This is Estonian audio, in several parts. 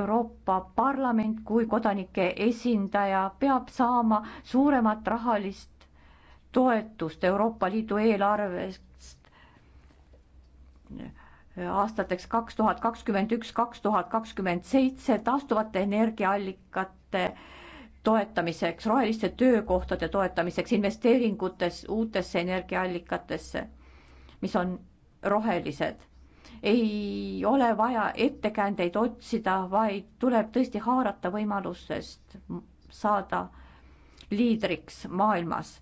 Euroopa Parlament kui kodanike esindaja peab saama suuremat rahalist toetust Euroopa Liidu eelarvest aastateks kaks tuhat kakskümmend üks, kaks tuhat kakskümmend seitse taastuvate energiaallikate toetamiseks, roheliste töökohtade toetamiseks, investeeringutes uutesse energiaallikatesse, mis on rohelised ei ole vaja ettekäändeid otsida, vaid tuleb tõesti haarata võimalusest saada liidriks maailmas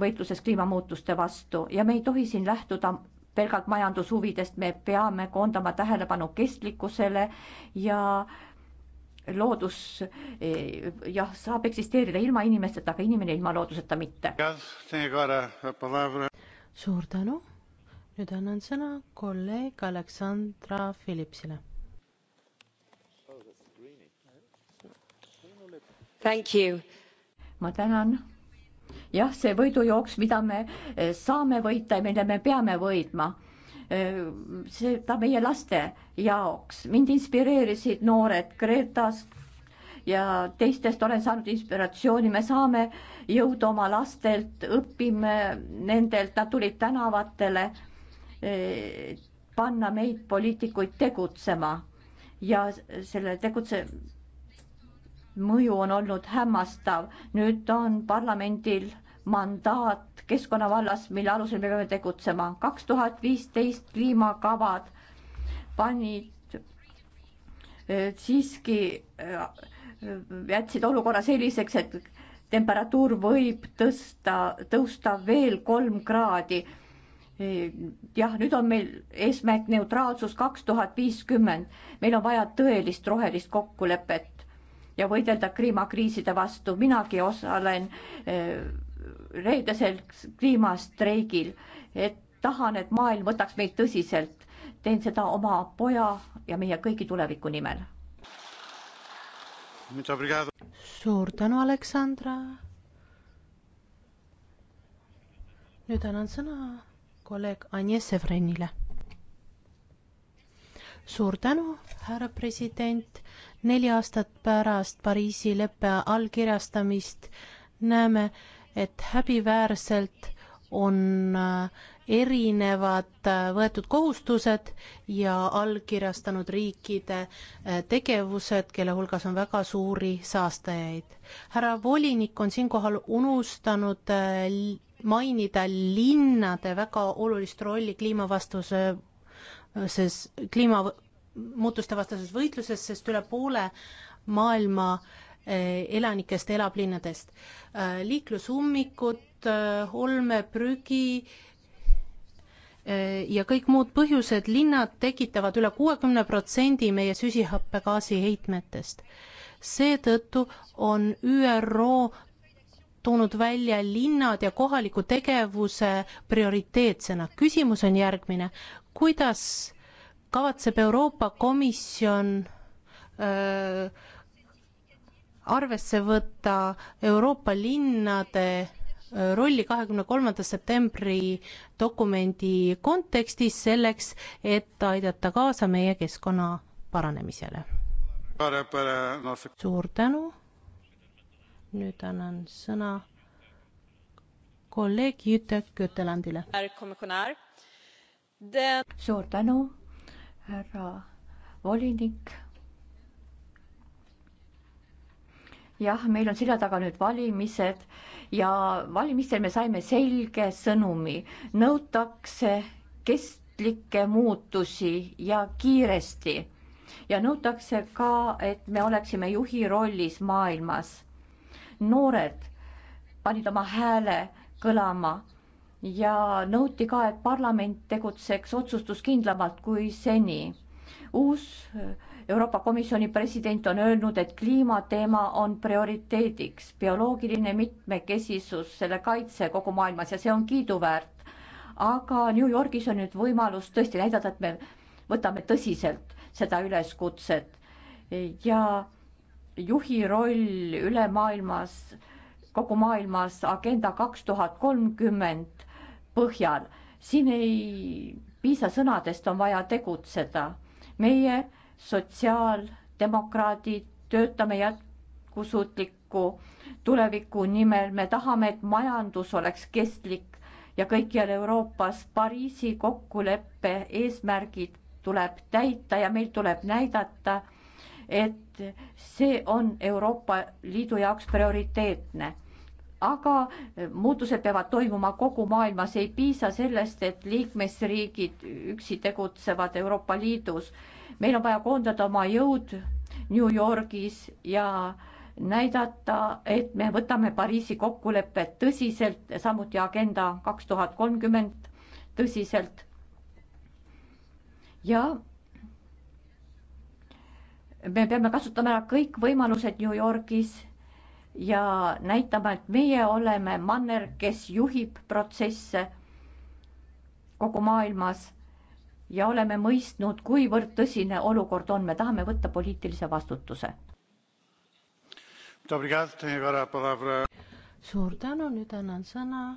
võitluses kliimamuutuste vastu ja me ei tohi siin lähtuda pelgalt majandushuvidest, me peame koondama tähelepanu kestlikkusele ja loodus eh, jah, saab eksisteerida ilma inimesteta, aga inimene ilma looduseta mitte. suur tänu nüüd annan sõna kolleeg Aleksandra Philipsile. ma tänan. jah, see võidujooks, mida me eh, saame võita ja mille me peame võitma eh, seda meie laste jaoks. mind inspireerisid noored Kreetast ja teistest olen saanud inspiratsiooni, me saame jõudu oma lastelt, õpime nendelt, nad tulid tänavatele Eh, panna meid, poliitikuid, tegutsema ja selle tegutse mõju on olnud hämmastav. nüüd on parlamendil mandaat keskkonna vallas, mille alusel me peame tegutsema. kaks tuhat viisteist kliimakavad panid eh, siiski, eh, jätsid olukorra selliseks, et temperatuur võib tõsta, tõusta veel kolm kraadi jah, nüüd on meil eesmärk neutraalsus kaks tuhat viiskümmend. meil on vaja tõelist rohelist kokkulepet ja võidelda kliimakriiside vastu. minagi osalen eh, reedesel kliimastreigil, et tahan, et maailm võtaks meid tõsiselt. teen seda oma poja ja meie kõigi tuleviku nimel. suur tänu, Aleksandra. nüüd annan sõna kolleeg Anja Sevrenile. suur tänu, härra president. neli aastat pärast Pariisi leppe allkirjastamist näeme, et häbiväärselt on äh, erinevad äh, võetud kohustused ja allkirjastanud riikide äh, tegevused, kelle hulgas on väga suuri saastajaid. härra volinik on siinkohal unustanud mainida linnade väga olulist rolli kliimavastuse, ses kliimamuutuste vastases võitluses, sest üle poole maailma eh, elanikest elab linnadest. Eh, liiklusummikud, eh, olmeprügi ja kõik muud põhjused, linnad tekitavad üle kuuekümne protsendi meie süsihappegaasi heitmetest seetõttu on ÜRO toonud välja linnad ja kohaliku tegevuse prioriteetsena. küsimus on järgmine, kuidas kavatseb Euroopa Komisjon öö, äh, arvesse võtta Euroopa linnade äh, rolli kahekümne kolmanda septembri dokumendi kontekstis selleks, et aidata kaasa meie keskkonna paranemisele. suur tänu nüüd annan sõna kolleeg Jüte Kötelandile. suur tänu, härra volinik. jah, meil on selja taga nüüd valimised ja valimistel me saime selge sõnumi, nõutakse kestlikke muutusi ja kiiresti ja nõutakse ka, et me oleksime juhi rollis maailmas noored panid oma hääle kõlama ja nõuti ka, et parlament tegutseks otsustuskindlamalt kui seni. uus Euroopa Komisjoni president on öelnud, et kliimateema on prioriteediks, bioloogiline mitmekesisus, selle kaitse kogu maailmas ja see on kiiduväärt. aga New Yorgis on nüüd võimalus tõesti näidata, et me võtame tõsiselt seda üleskutset ja juhi roll üle maailmas, kogu maailmas Agenda kaks tuhat kolmkümmend põhjal. siin ei piisa sõnadest, on vaja tegutseda. meie sotsiaaldemokraadid töötame jätkusuutliku tuleviku nimel, me tahame, et majandus oleks kestlik ja kõikjal Euroopas Pariisi kokkuleppe eesmärgid tuleb täita ja meil tuleb näidata et see on Euroopa Liidu jaoks prioriteetne. aga muutused peavad toimuma kogu maailmas, ei piisa sellest, et liikmesriigid üksi tegutsevad Euroopa Liidus. meil on vaja koondada oma jõud New Yorgis ja näidata, et me võtame Pariisi kokkulepet tõsiselt, samuti Agenda kaks tuhat kolmkümmend tõsiselt. ja me peame kasutama ära kõik võimalused New Yorgis ja näitama, et meie oleme manner, kes juhib protsesse kogu maailmas ja oleme mõistnud, kuivõrd tõsine olukord on, me tahame võtta poliitilise vastutuse. suur tänu, nüüd annan sõna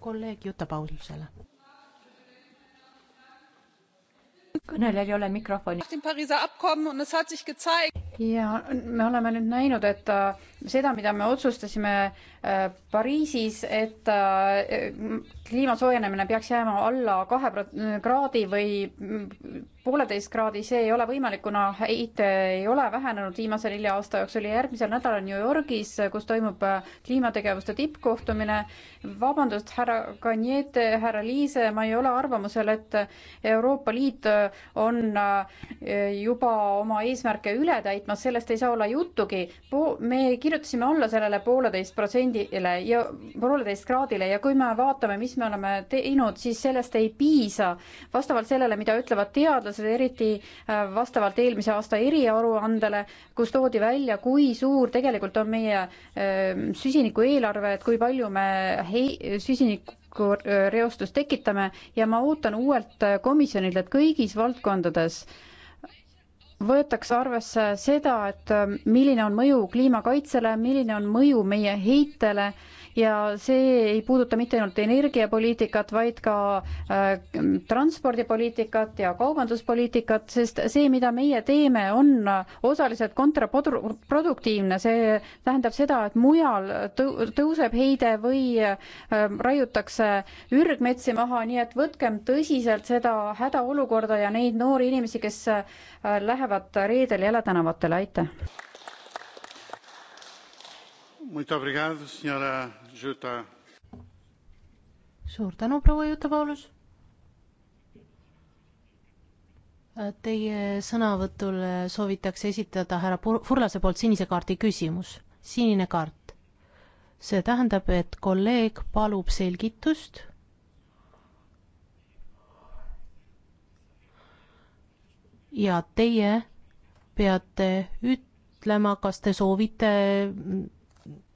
kolleeg Juta Paulsele kõnelejal ei ole mikrofoni. ja me oleme nüüd näinud, et äh, seda, mida me otsustasime äh, Pariisis, et äh, kliima soojenemine peaks jääma alla kahe kraadi või mm, pooleteist kraadi, see ei ole võimalik, kuna heite ei ole vähenenud viimase nelja aasta jooksul ja järgmisel nädalal New Yorgis, kus toimub äh, kliimategevuste tippkohtumine. vabandust, härra Kanjete, härra Liise, ma ei ole arvamusel, et Euroopa Liit äh, on äh, juba oma eesmärke üle täitmas, sellest ei saa olla juttugi. me kirjutasime alla sellele pooleteist protsendile ja pooleteist kraadile ja kui me vaatame, mis me oleme teinud, siis sellest ei piisa. vastavalt sellele, mida ütlevad teadlased, teadlased, eriti äh, vastavalt eelmise aasta eriaruandele, kus toodi välja, kui suur tegelikult on meie äh, süsiniku eelarve, et kui palju me hei-, süsinikku äh, reostust tekitame ja ma ootan uuelt komisjonilt, et kõigis valdkondades võetakse arvesse seda, et milline on mõju kliimakaitsele, milline on mõju meie heitele äh, ja see ei puuduta mitte ainult energiapoliitikat, vaid ka äh, transpordipoliitikat ja kaubanduspoliitikat, sest see, mida meie teeme, on osaliselt kontraproduktiivne, see tähendab seda, et mujal tõ tõuseb heide või äh, raiutakse ürgmetsi maha, nii et võtkem tõsiselt seda hädaolukorda ja neid noori inimesi, kes äh, lähevad reedel jälle tänavatele, aitäh! Juta. suur tänu, proua Juta-Paulus. Teie sõnavõtule soovitakse esitada härra Furlase poolt sinise kaardi küsimus, sinine kaart. see tähendab, et kolleeg palub selgitust ja teie peate ütlema, kas te soovite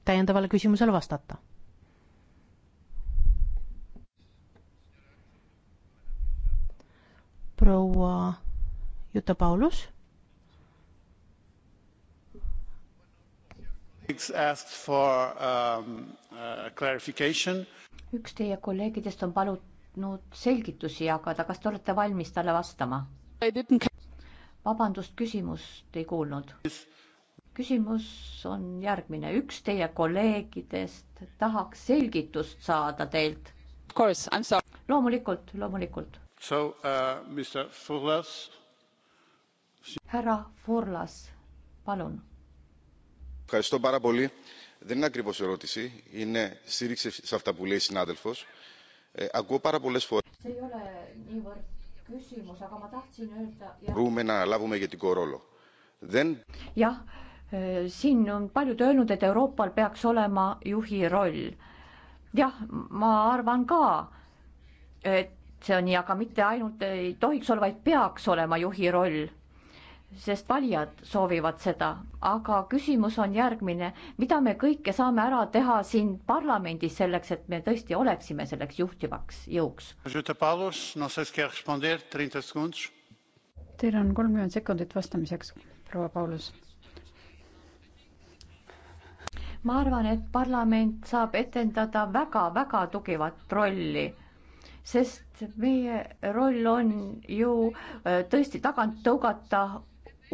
täiendavale küsimusele vastata. proua Juta Paulus. Um, uh, üks teie kolleegidest on palunud selgitusi jagada, kas te olete valmis talle vastama? vabandust, küsimust ei kuulnud. küsimus on järgmine, üks teie kolleegidest tahaks selgitust saada teilt. loomulikult, loomulikult Uh, härra Furlas, palun. Ευχαριστώ πάρα πολύ. Δεν είναι ακριβώς ερώτηση, είναι στήριξη σε αυτά που λέει η συνάδελφος. Ε, ακούω πάρα πολλές φορές. Μπορούμε να λάβουμε ηγετικό ρόλο. Δεν... Jah, siin on paljud öelnud, et Euroopal peaks olema juhi roll. jah, ma arvan ka, et see on nii, aga mitte ainult ei tohiks olla, vaid peaks olema juhi roll. sest valijad soovivad seda, aga küsimus on järgmine, mida me kõike saame ära teha siin parlamendis selleks, et me tõesti oleksime selleks juhtivaks jõuks? Teil on kolmkümmend sekundit vastamiseks, proua Paulus ma arvan, et parlament saab etendada väga-väga tugevat rolli sest meie roll on ju äh, tõesti tagant tõugata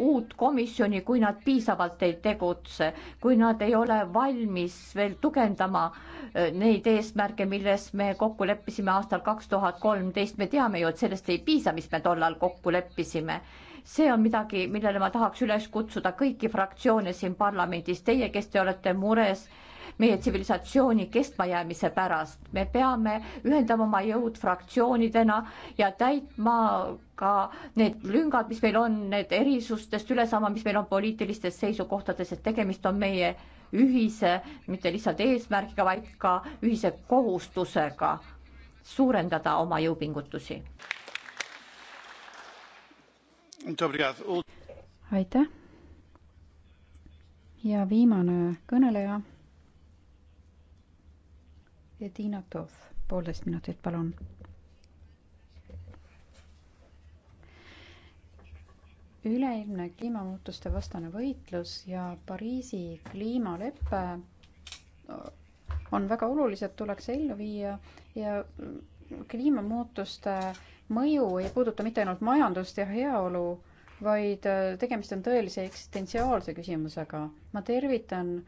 uut komisjoni, kui nad piisavalt ei tegutse, kui nad ei ole valmis veel tugevdama äh, neid eesmärke, milles me kokku leppisime aastal kaks tuhat kolmteist. me teame ju, et sellest ei piisa, mis me tollal kokku leppisime. see on midagi, millele ma tahaks üles kutsuda kõiki fraktsioone siin parlamendis, teie, kes te olete mures meie tsivilisatsiooni kestmajäämise pärast. me peame ühendama oma jõud fraktsioonidena ja täitma ka need lüngad, mis meil on, need erisustest üle saama, mis meil on poliitilistes seisukohtades, et tegemist on meie ühise, mitte lihtsalt eesmärgiga, vaid ka ühise kohustusega suurendada oma jõupingutusi. aitäh. ja viimane kõneleja ja Tiina Toth, poolteist minutit, palun. üleilmne kliimamuutuste vastane võitlus ja Pariisi kliimalepe on väga olulised, tuleks ellu viia ja kliimamuutuste mõju ei puuduta mitte ainult majandust ja heaolu, vaid tegemist on tõelise eksistentsiaalse küsimusega. ma tervitan äh,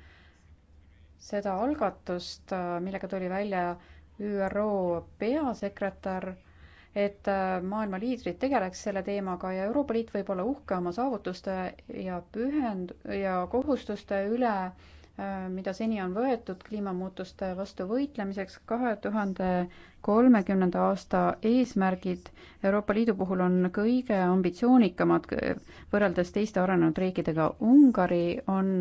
seda algatust, äh, millega tuli välja ÜRO peasekretär, et äh, maailma liidrid tegeleks selle teemaga ja Euroopa Liit võib olla uhke oma saavutuste ja pühend- ja kohustuste üle, äh, mida seni on võetud kliimamuutuste vastu võitlemiseks. kahe tuhande kolmekümnenda aasta eesmärgid Euroopa Liidu puhul on kõige ambitsioonikamad võrreldes teiste arenenud riikidega. Ungari on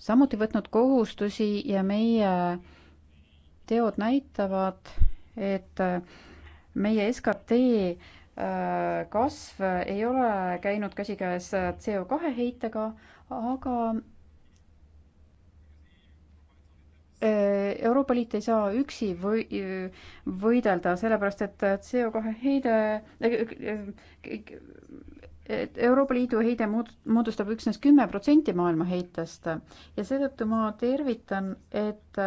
samuti võtnud kohustusi ja meie teod näitavad, et meie SKT äh, kasv ei ole käinud käsikäes CO kahe heitega, aga äh, Euroopa Liit ei saa üksi või, võidelda, sellepärast et CO2 heide, äh, et Euroopa Liidu heide moodustab üksnes kümme protsenti maailma heitest ja seetõttu ma tervitan, et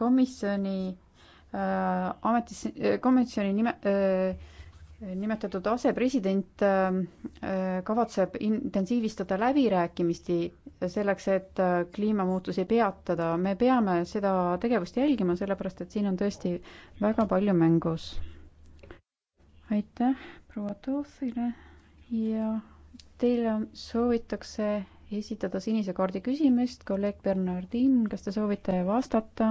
komisjoni äh, ametis, äh, komisjoni nime äh, nimetatud asepresident äh, kavatseb intensiivistada läbirääkimisti selleks, et äh, kliimamuutusi peatada. me peame seda tegevust jälgima, sellepärast et siin on tõesti väga palju mängus. aitäh proua Toosile ja teile soovitakse esitada sinise kaardi küsimist, kolleeg Bernardin, kas te soovite vastata?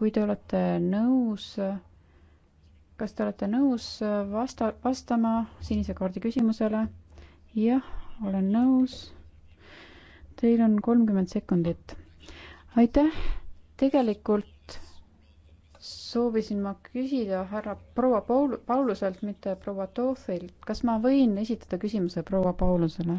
kui te olete nõus, kas te olete nõus vasta-, vastama sinise kaardi küsimusele? jah, olen nõus. Teil on kolmkümmend sekundit. aitäh, tegelikult soovisin ma küsida härra proua Paul, Pauluselt, mitte proua Toofilt, kas ma võin esitada küsimuse proua Paulusele?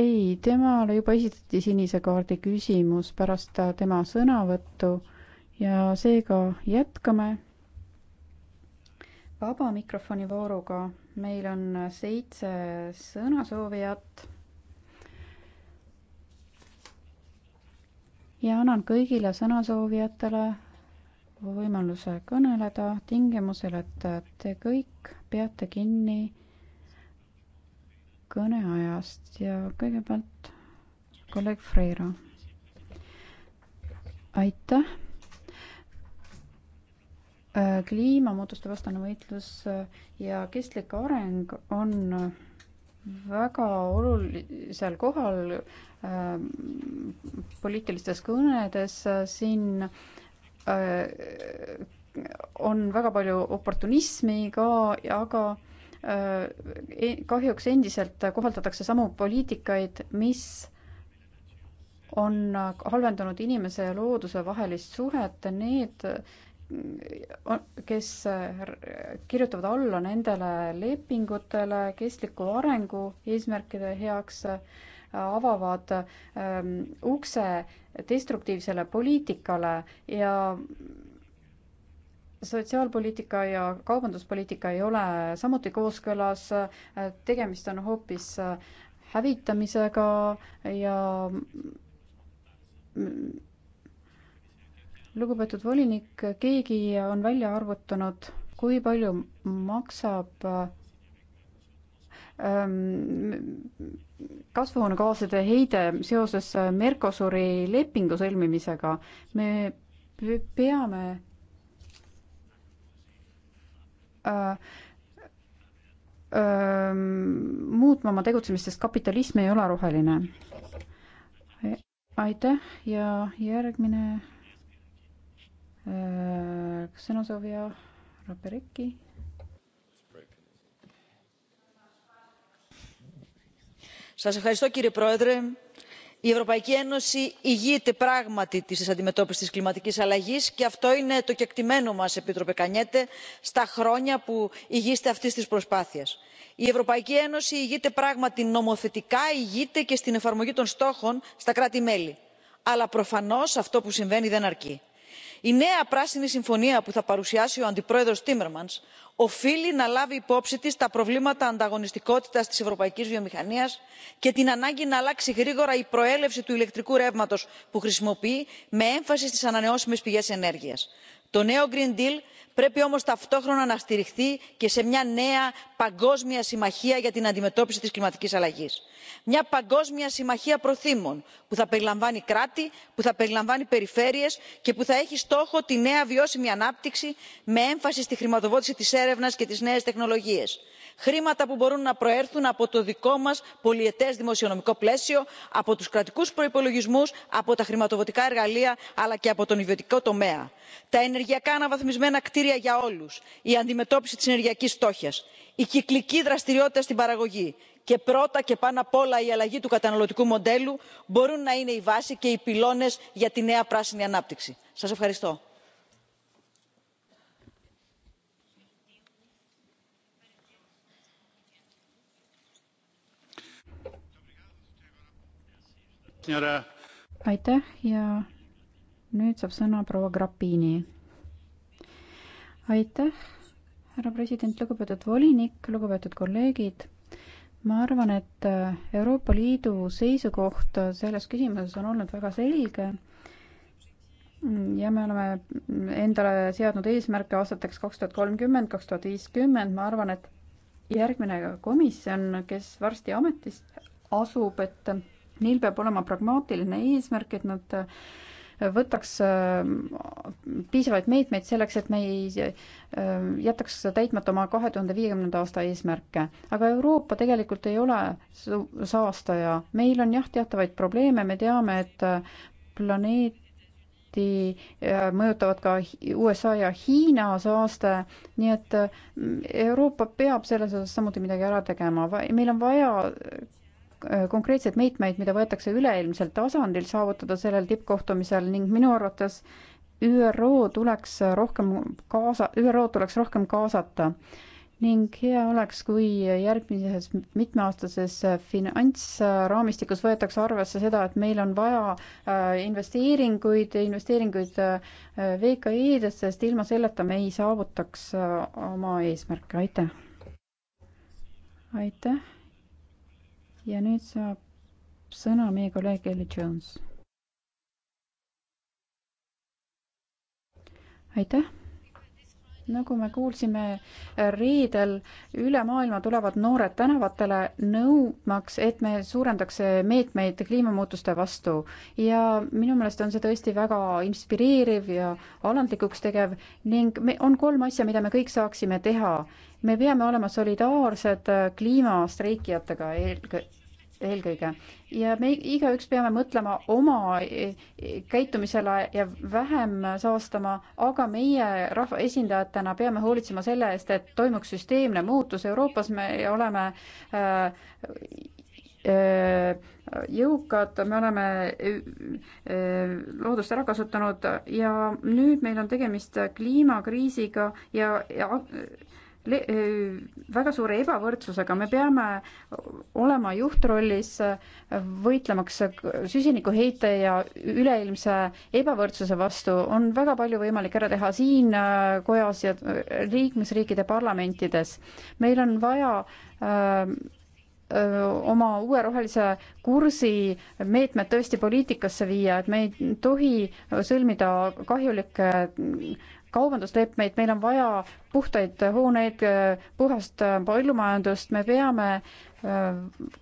ei, temale juba esitati sinise kaardi küsimus pärast tema sõnavõttu ja seega jätkame vaba mikrofoni vooruga. meil on seitse sõnasoovijat ja annan kõigile sõnasoovijatele võimaluse kõneleda tingimusel, et te kõik peate kinni kõneajast ja kõigepealt kolleeg Freira. aitäh. kliimamuutuste vastane võitlus ja kestlik areng on väga olulisel kohal ähm, poliitilistes kõnedes äh, siin äh, on väga palju oportunismi ka, aga äh, e, kahjuks endiselt kohaldatakse samu poliitikaid, mis on halvendanud inimese ja looduse vahelist suhet, need kes äh, kirjutavad alla nendele lepingutele kestliku arengu eesmärkide heaks, avavad ähm, ukse destruktiivsele poliitikale ja sotsiaalpoliitika ja kaubanduspoliitika ei ole samuti kooskõlas, äh, tegemist on hoopis äh, hävitamisega ja mm, lugupeetud volinik, keegi on välja arvutanud, kui palju maksab ähm, kasvuhoonegaaside heide seoses Mercosuri lepingu sõlmimisega. me peame äh, äh, muutma oma tegutsemist, sest kapitalism ei ole roheline. aitäh ja järgmine sõnasoovija äh, Rapereki. Σας ευχαριστώ κύριε Πρόεδρε. Η Ευρωπαϊκή Ένωση ηγείται πράγματι της αντιμετώπισης της κλιματικής αλλαγής και αυτό είναι το κεκτημένο μας, Επίτροπε Κανιέτε, στα χρόνια που ηγείστε αυτής της προσπάθειας η ευρωπαϊκή ένωση ηγείται πράγματι νομοθετικά ηγείται και στην εφαρμογή των στόχων στα κράτη μέλη αλλά προφανώς αυτό που συμβαίνει δεν αρκεί η νέα πράσινη συμφωνία που θα παρουσιάσει ο αντιπρόεδρος τίμερμανς οφείλει να λάβει υπόψη της τα προβλήματα ανταγωνιστικότητας της ευρωπαϊκής βιομηχανίας και την ανάγκη να αλλάξει γρήγορα η προέλευση του ηλεκτρικού ρεύματος που χρησιμοποιεί με έμφαση στις ανανεώσιμες πηγές ενέργειας το νέο green deal πρέπει όμως ταυτόχρονα να στηριχθεί και σε μια νέα παγκόσμια συμμαχία για την αντιμετώπιση της κλιματικής αλλαγής μια παγκόσμια συμμαχία προθήμων που θα περιλαμβάνει κράτη που θα περιλαμβάνει περιφέρειες και που θα έχει στόχο τη νέα βιώσιμη ανάπτυξη με έμφαση στη χρηματοδότηση της έρευνας και τις νέες τεχνολογίες χρήματα που μπορούν να προέρθουν από το δικό μας πολυετές δημοσιονομικό πλαίσιο από τους κρατικούς προϋπολογισμούς από τα χρηματοδοτικά εργαλεία αλλά και από τον ιδιωτικό τομέα. τα ενεργειακά αναβαθμισμένα κτίρια για όλους η αντιμετώπιση της ενεργειακής φτώχειας η κυκλική δραστηριότητα στην παραγωγή και πρώτα και πάνω απ' όλα η αλλαγή του καταναλωτικού μοντέλου μπορούν να είναι η βάση και οι πυλώνες για τη νέα πράσινη ανάπτυξη. σας ευχαριστώ. aitäh ja nüüd saab sõna proua Grappini aitäh, härra president, lugupeetud volinik, lugupeetud kolleegid. ma arvan, et äh, Euroopa Liidu seisukoht selles küsimuses on olnud väga selge ja me oleme endale seadnud eesmärke aastateks kaks tuhat kolmkümmend, kaks tuhat viiskümmend, ma arvan, et järgmine komisjon, kes varsti ametist asub, et neil peab olema pragmaatiline eesmärk, et nad võtaks äh, piisavaid meetmeid selleks, et me ei äh, jätaks täitmata oma kahe tuhande viiekümnenda aasta eesmärke. aga Euroopa tegelikult ei ole saastaja, meil on jah, teatavaid probleeme, me teame, et äh, planeet samuti mõjutavad ka USA ja Hiina saaste, nii et Euroopa peab selles osas samuti midagi ära tegema, meil on vaja Äh, konkreetseid meetmeid, mida võetakse üleilmsel tasandil saavutada sellel tippkohtumisel ning minu arvates ÜRO tuleks rohkem kaasa, ÜRO tuleks rohkem kaasata ning hea oleks, kui järgmises mitmeaastases finantsraamistikus võetakse arvesse seda, et meil on vaja äh, investeeringuid, investeeringuid äh, VKI-desse, sest ilma selleta me ei saavutaks oma eesmärke, aitäh. aitäh ja nüüd saab sõna meie kolleeg Ellie Jones. aitäh nagu me kuulsime reedel, üle maailma tulevad noored tänavatele nõudmaks, et me suurendaks meetmeid kliimamuutuste vastu. ja minu meelest on see tõesti väga inspireeriv ja alandlikuks tegev ning me, on kolm asja, mida me kõik saaksime teha. me peame olema solidaarsed kliimastreikijatega eelkõige. ja me igaüks peame mõtlema oma e, e, käitumisele ja vähem saastama, aga meie rahvaesindajatena peame hoolitsema selle eest, et toimuks süsteemne muutus. Euroopas me oleme äh, äh jõukad, me oleme äh, äh, loodust ära kasutanud ja nüüd meil on tegemist kliimakriisiga ja, ja väga suure ebavõrdsusega, me peame olema juhtrollis võitlemaks süsinikuheite ja üleilmse ebavõrdsuse vastu, on väga palju võimalik ära teha siin äh, kojas ja liikmesriikide parlamentides. meil on vaja öö, äh, äh, oma uue rohelise kursi meetmed tõesti poliitikasse viia, et me ei tohi sõlmida kahjulikke kaubanduslepmeid, meil on vaja puhtaid hooneid, puhast põllumajandust, me peame äh,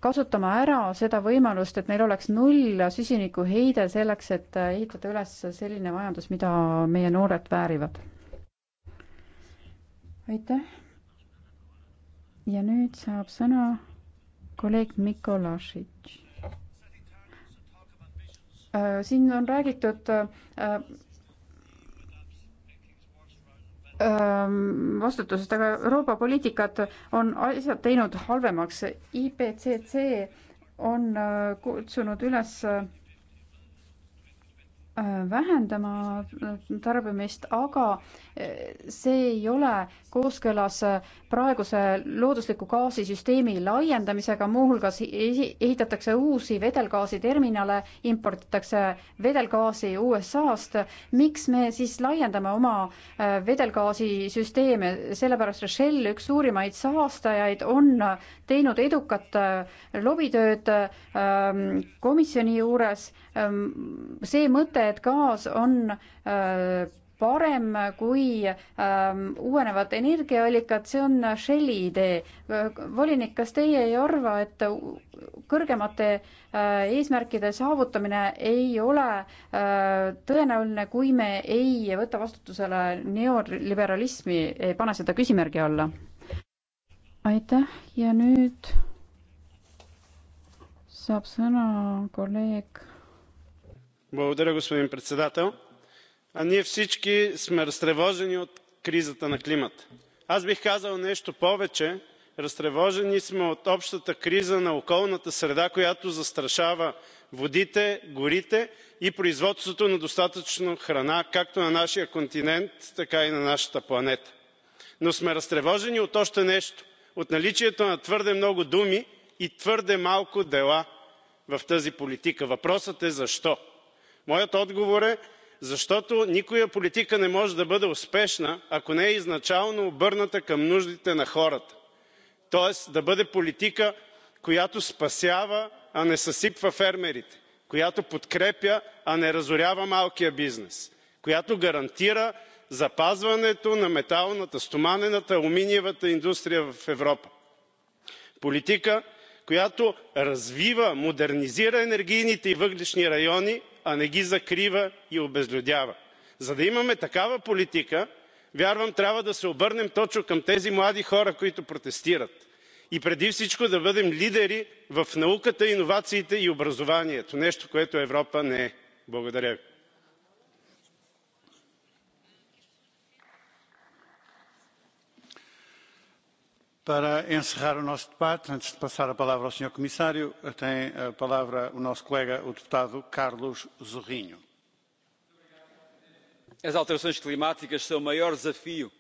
kasutama ära seda võimalust, et meil oleks null süsinikuheide selleks, et ehitada üles selline majandus, mida meie noored väärivad. aitäh. ja nüüd saab sõna kolleeg Mikolašitš. Äh, siin on räägitud äh, Ähm, vastutusest, aga Euroopa poliitikad on asjad teinud halvemaks. IPCC on äh, kutsunud üles äh, Äh, vähendama tarbimist, aga äh, see ei ole kooskõlas äh, praeguse loodusliku gaasisüsteemi laiendamisega, muuhulgas ehitatakse uusi vedelgaasiterminale, imporditakse vedelgaasi USA-st. miks me siis laiendame oma vedelgaasisüsteeme, sellepärast et Shell, üks suurimaid saastajaid, on teinud edukat lobitööd komisjoni juures. Ähm, see mõte, et gaas on äh, parem kui ähm, uuenevad energiaallikad, see on Shelli idee. volinik, kas teie ei arva, et kõrgemate äh, eesmärkide saavutamine ei ole äh, tõenäoline, kui me ei võta vastutusele neoliberalismi, ei pane seda küsimärgi alla? aitäh ja nüüd saab sõna kolleeg господин председател ние всички сме разтревожени от кризата на климата. аз бих казал нещо повече разтревожени сме от общата криза на околната среда която застрашава водите горите и производството на достатъчно храна както на нашия континент така и на нашата планета. но сме разтревожени от още нещо от наличието на твърде много думи и твърде малко дела в тази политика. въпросът е защо? моят отговор е защото никоя политика не може да бъде успешна ако не е изначално обърната към нуждите на хората тоест да бъде политика която спасява а не съсипва фермерите която подкрепя а не разорява малкия бизнес която гарантира запазването на металната стоманената алуминиевата индустрия в европа политика която развива модернизира енергийните и въглищни райони а не ги закрива и обезлюдява. за да имаме такава политика вярвам трябва да се обърнем точно към тези млади хора които протестират и преди всичко да бъдем лидери в науката иновациите и образованието нещо което европа не е. благодаря ви. para encerrar o nosso debate antes de passar a palavra ao senhor comissário tem a palavra o nosso colega o deputado carlos zorrinho. as alterações climáticas são o maior desafio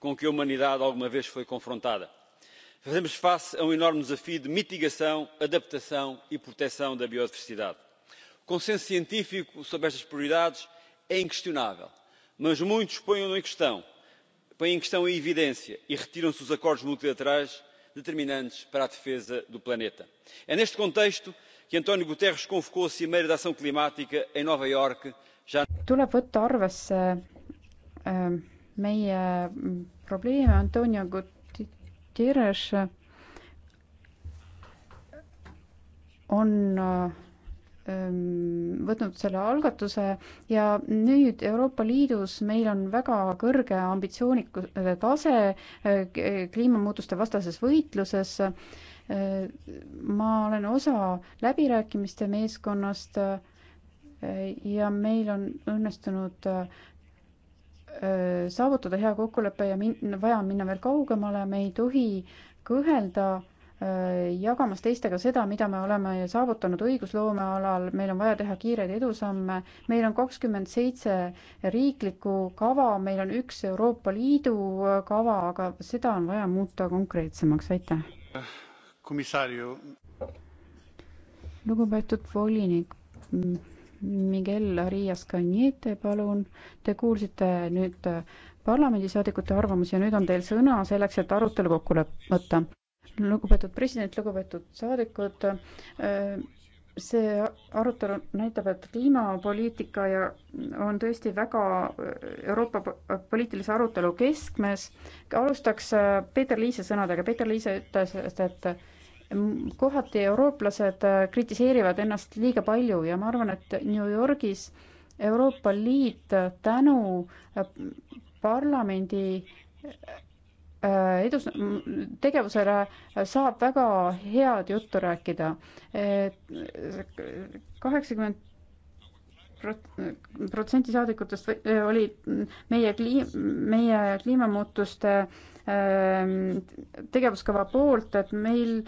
com que a humanidade alguma vez foi confrontada. fazemos face a um enorme desafio de mitigação adaptação e proteção da biodiversidade. o consenso científico sobre estas prioridades é inquestionável mas muitos põem no em questão põe em questão a evidência e retiram se os acordos multilaterais determinantes para a defesa do planeta. é neste contexto que antnio guterres convocou a cimeira da ação climática em nova iorque já. tuleb võtta arvesse ähm, meie mm, probleeme Antonio Guterres äh, on äh, Ähm, võtnud selle algatuse ja nüüd Euroopa Liidus meil on väga kõrge ambitsioonikuse tase äh, kliimamuutuste vastases võitluses. Äh, ma olen osa läbirääkimiste meeskonnast äh, ja meil on õnnestunud saavutada hea kokkulepe ja min-, vaja minna veel kaugemale, me ei tohi kõhelda äh, jagamas teistega seda, mida me oleme saavutanud õigusloome alal, meil on vaja teha kiireid edusamme, meil on kakskümmend seitse riiklikku kava, meil on üks Euroopa Liidu kava, aga seda on vaja muuta konkreetsemaks, aitäh. lugupeetud volinik Miguel Arias Cañete, palun, te kuulsite nüüd parlamendisaadikute arvamusi ja nüüd on teil sõna selleks, et arutelu kokku võtta lugupeetud president, lugupeetud saadikud, äh, see arutelu näitab, et kliimapoliitika ja on tõesti väga äh, Euroopa poliitilise arutelu keskmes. alustaks äh, Peeter-Liise sõnadega, Peeter-Liise ütles, et mm, kohati eurooplased kritiseerivad ennast liiga palju ja ma arvan, et New Yorgis Euroopa Liit tänu parlamendi Äh, edus-, tegevusele saab väga head juttu rääkida. kaheksakümmend protsenti saadikutest äh, oli meie kliim-, meie kliimamuutuste ähm, tegevuskava poolt, et meil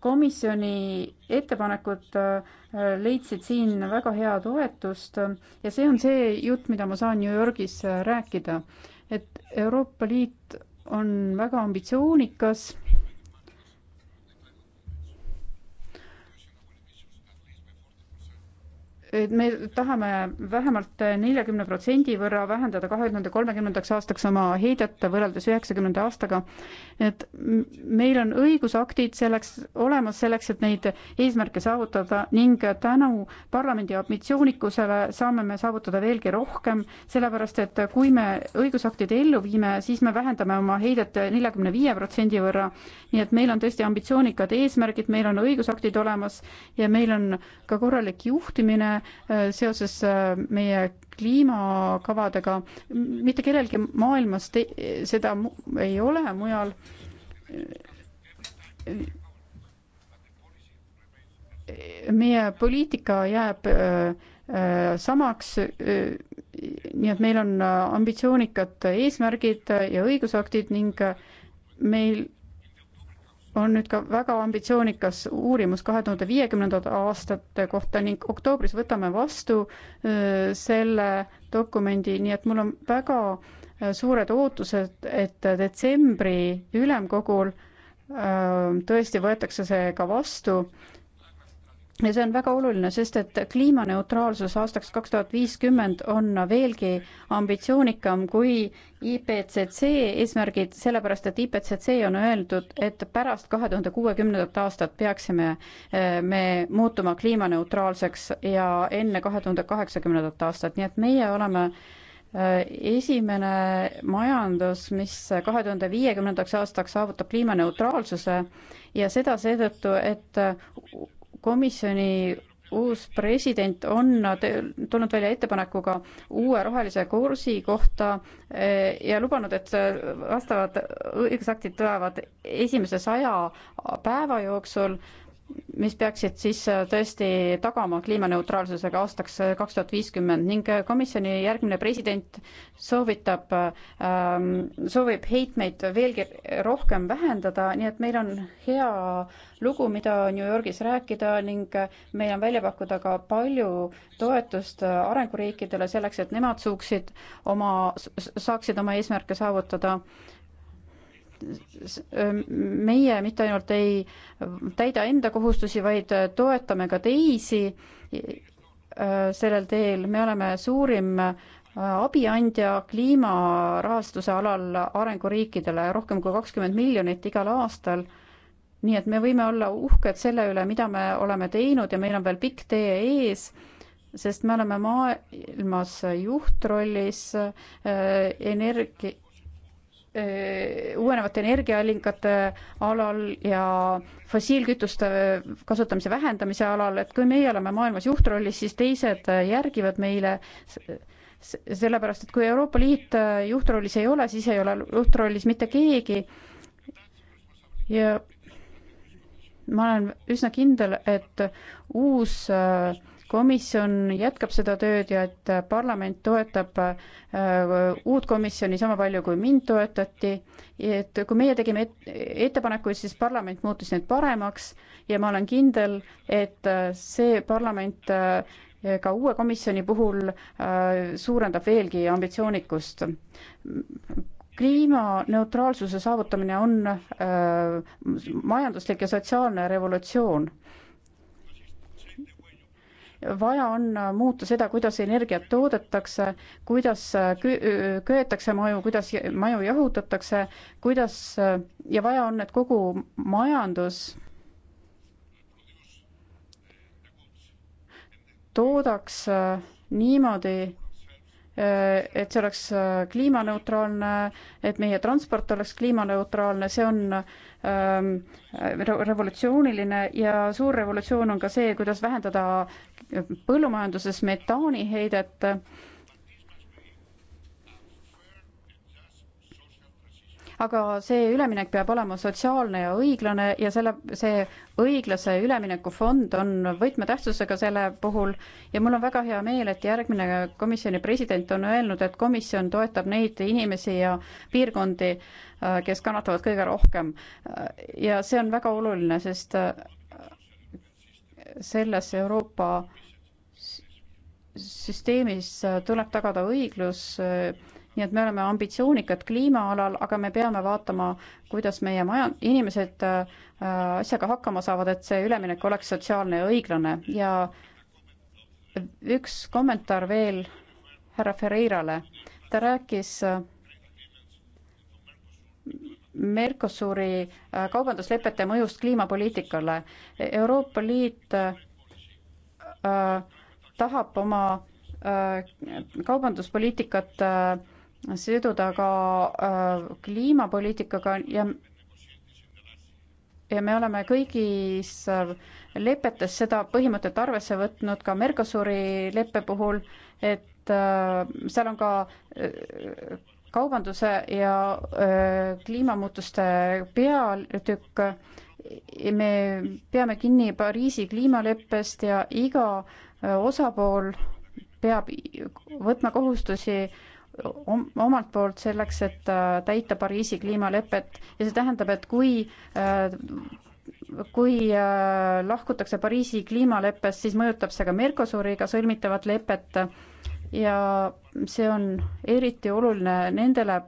komisjoni ettepanekud äh, leidsid siin väga hea toetust ja see on see jutt, mida ma saan New Yorgis rääkida, et Euroopa Liit on väga ambitsioonikas et me tahame vähemalt neljakümne protsendi võrra vähendada kahe tuhande kolmekümnendaks aastaks oma heidet võrreldes üheksakümnenda aastaga. et meil on õigusaktid selleks olemas, selleks, et neid eesmärke saavutada ning tänu parlamendi ambitsioonikusele saame me saavutada veelgi rohkem, sellepärast et kui me õigusaktid ellu viime, siis me vähendame oma heidet neljakümne viie protsendi võrra. nii et meil on tõesti ambitsioonikad eesmärgid, meil on õigusaktid olemas ja meil on ka korralik juhtimine Äh, seoses äh, meie kliimakavadega, mitte kellelgi maailmas te-, seda ei ole mujal. meie poliitika jääb äh, samaks, nii et meil on ambitsioonikad eesmärgid ja õigusaktid ning meil on nüüd ka väga ambitsioonikas uurimus kahe tuhande viiekümnendate aastate kohta ning oktoobris võtame vastu selle dokumendi, nii et mul on väga suured ootused, et detsembri ülemkogul tõesti võetakse see ka vastu ja see on väga oluline, sest et kliimaneutraalsus aastaks kaks tuhat viiskümmend on veelgi ambitsioonikam kui IPCC eesmärgid, sellepärast et IPCC on öeldud, et pärast kahe tuhande kuuekümnendat aastat peaksime eh, me muutuma kliimaneutraalseks ja enne kahe tuhande kaheksakümnendat aastat, nii et meie oleme eh, esimene majandus, mis kahe tuhande viiekümnendaks aastaks saavutab kliimaneutraalsuse ja seda seetõttu, et komisjoni uus president on tulnud välja ettepanekuga uue rohelise kursi kohta eh, ja lubanud, et vastavad õigusaktid tulevad esimese saja päeva jooksul mis peaksid siis äh, tõesti tagama kliimaneutraalsusega aastaks äh, kaks tuhat viiskümmend ning äh, komisjoni järgmine president soovitab, ähm, soovib heitmeid veelgi rohkem vähendada, nii et meil on hea lugu, mida New Yorgis rääkida ning meil on välja pakkuda ka palju toetust arenguriikidele selleks, et nemad suuksid oma, saaksid oma eesmärke saavutada meie mitte ainult ei täida enda kohustusi, vaid toetame ka teisi sellel teel, me oleme suurim abiandja kliimarahastuse alal arenguriikidele rohkem kui kakskümmend miljonit igal aastal. nii et me võime olla uhked selle üle, mida me oleme teinud ja meil on veel pikk tee ees sest me oleme maailmas juhtrollis energi-, Eh, uuenevate energiaallikate alal ja fossiilkütuste kasutamise vähendamise alal, et kui meie oleme maailmas juhtrollis, siis teised järgivad meile sellepärast, et kui Euroopa Liit juhtrollis ei ole, siis ei ole juhtrollis mitte keegi. ja ma olen üsna kindel, et uus äh, komisjon jätkab seda tööd ja et parlament toetab äh, uut komisjoni sama palju, kui mind toetati. et kui meie tegime ettepanekuid, siis parlament muutus need paremaks ja ma olen kindel, et äh, see parlament äh, ka uue komisjoni puhul suurendab veelgi ambitsioonikust kliimaneutraalsuse saavutamine on äh, majanduslik ja sotsiaalne revolutsioon vaja on muuta seda, kuidas energiat toodetakse, kuidas köetakse maju, kuidas maju jahutatakse, kuidas ja vaja on, et kogu majandus toodaks niimoodi, et see oleks äh, kliimaneutraalne, et meie transport oleks kliimaneutraalne, see on ähm, revolutsiooniline ja suur revolutsioon on ka see, kuidas vähendada põllumajanduses metaaniheidet äh, aga see üleminek peab olema sotsiaalne ja õiglane ja selle, see õiglase ülemineku fond on võtmetähtsusega selle puhul ja mul on väga hea meel, et järgmine komisjoni president on öelnud, et komisjon toetab neid inimesi ja piirkondi, kes kannatavad kõige rohkem. ja see on väga oluline, sest selles Euroopa süsteemis tuleb tagada õiglus nii et me oleme ambitsioonikad kliima alal, aga me peame vaatama, kuidas meie maja, inimesed äh, asjaga hakkama saavad, et see üleminek oleks sotsiaalne ja õiglane ja üks kommentaar veel härra Ferreirale. ta rääkis äh, Mercosuri äh, kaubanduslepete mõjust kliimapoliitikale. Euroopa Liit äh, äh tahab oma äh, kaubanduspoliitikat äh, siduda ka äh, kliimapoliitikaga ja ja me oleme kõigis äh, lepetes seda põhimõtet arvesse võtnud ka Mercosuri leppe puhul, et äh, seal on ka äh, kaubanduse ja äh, kliimamuutuste peatükk. me peame kinni Pariisi kliimaleppest ja iga äh, osapool peab võtma kohustusi äh, omalt poolt selleks, et äh, täita Pariisi kliimalepet ja see tähendab, et kui äh, kui äh, lahkutakse Pariisi kliimaleppest, siis mõjutab see ka Mercosuriga sõlmitavat lepet ja see on eriti oluline nendele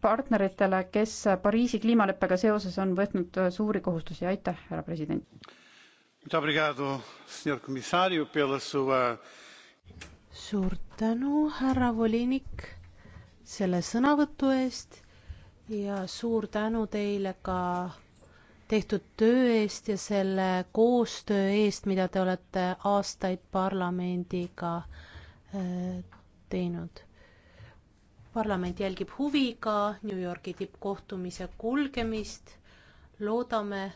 partneritele, kes Pariisi kliimaleppega seoses on võtnud suuri kohustusi, aitäh, härra president! suur tänu, härra volinik, selle sõnavõtu eest ja suur tänu teile ka tehtud töö eest ja selle koostöö eest, mida te olete aastaid parlamendiga äh, teinud. parlament jälgib huviga New Yorgi tippkohtumise kulgemist. loodame,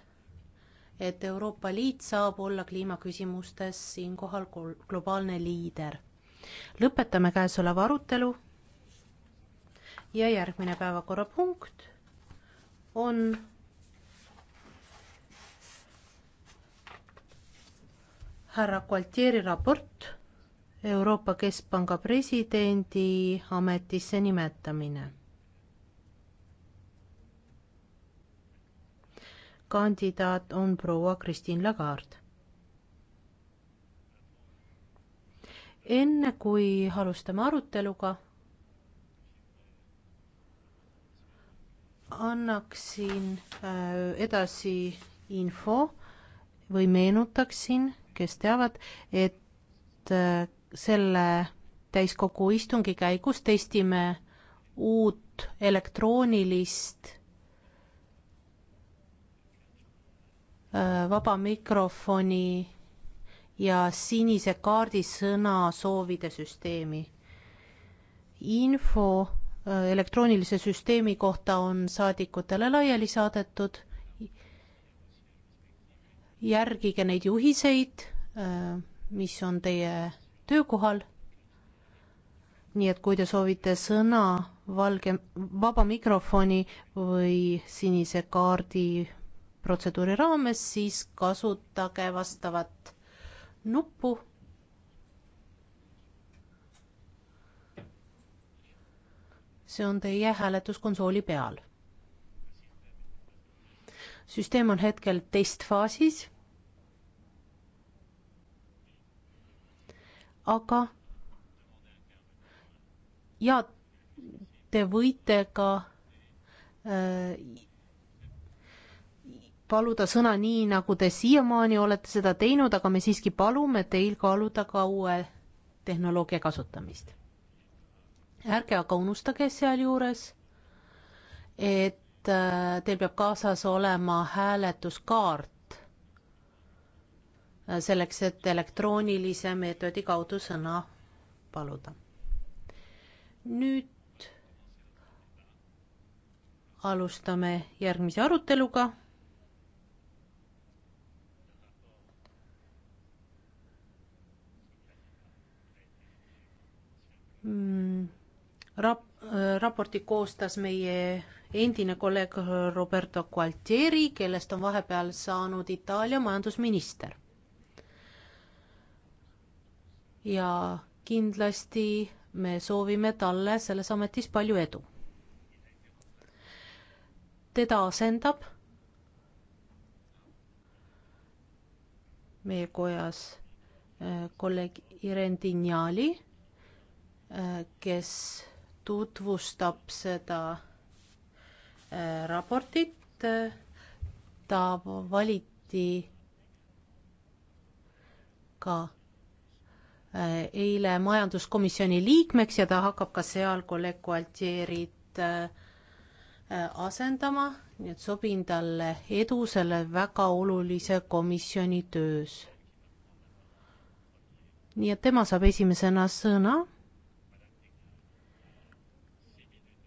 et Euroopa Liit saab olla kliimaküsimustes siinkohal globaalne liider lõpetame käesoleva arutelu ja järgmine päevakorrapunkt on härra Gualtieri raport Euroopa Keskpanga presidendi ametisse nimetamine. kandidaat on proua Christine Lagarde. enne kui alustame aruteluga, annaksin äh, edasi info või meenutaksin, kes teavad, et äh, selle täiskogu istungi käigus testime uut elektroonilist äh, vaba mikrofoni ja sinise kaardi sõna soovide süsteemi. info äh, elektroonilise süsteemi kohta on saadikutele laiali saadetud. järgige neid juhiseid, äh, mis on teie töökohal. nii et kui te soovite sõna valge, vaba mikrofoni või sinise kaardi protseduuri raames, siis kasutage vastavat nuppu. see on teie hääletuskonsooli peal. süsteem on hetkel testfaasis. aga ja te võite ka äh, paluda sõna nii, nagu te siiamaani olete seda teinud, aga me siiski palume teil kaaluda ka uue tehnoloogia kasutamist. ärge aga unustage sealjuures, et äh, teil peab kaasas olema hääletuskaart, äh, selleks et elektroonilise meetodi kaudu sõna paluda. nüüd alustame järgmise aruteluga Mm, rap-, äh, raporti koostas meie endine kolleeg Roberto Gualtieri, kellest on vahepeal saanud Itaalia majandusminister. ja kindlasti me soovime talle selles ametis palju edu. teda asendab meie kojas äh, kolleeg Irene Dignali kes tutvustab seda äh, raportit. ta valiti ka äh, eile majanduskomisjoni liikmeks ja ta hakkab ka seal kolleeg Gualtierit äh, asendama, nii et sobin talle edu selle väga olulise komisjoni töös. nii et tema saab esimesena sõna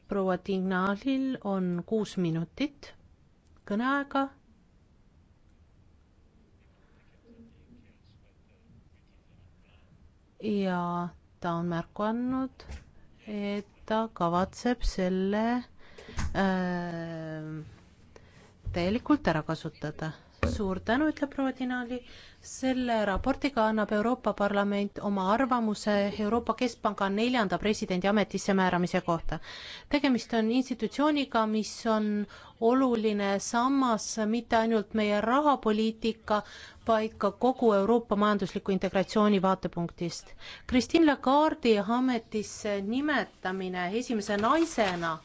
proua Tignalil on kuus minutit kõneaega. ja ta on märku andnud, et ta kavatseb selle äh, täielikult ära kasutada suur tänu, ütleb proua Dinali. selle raportiga annab Euroopa Parlament oma arvamuse Euroopa Keskpanga neljanda presidendi ametisse määramise kohta. tegemist on institutsiooniga, mis on oluline sammas mitte ainult meie rahapoliitika, vaid ka kogu Euroopa majandusliku integratsiooni vaatepunktist. Christine Lagarde'i ametisse nimetamine esimese naisena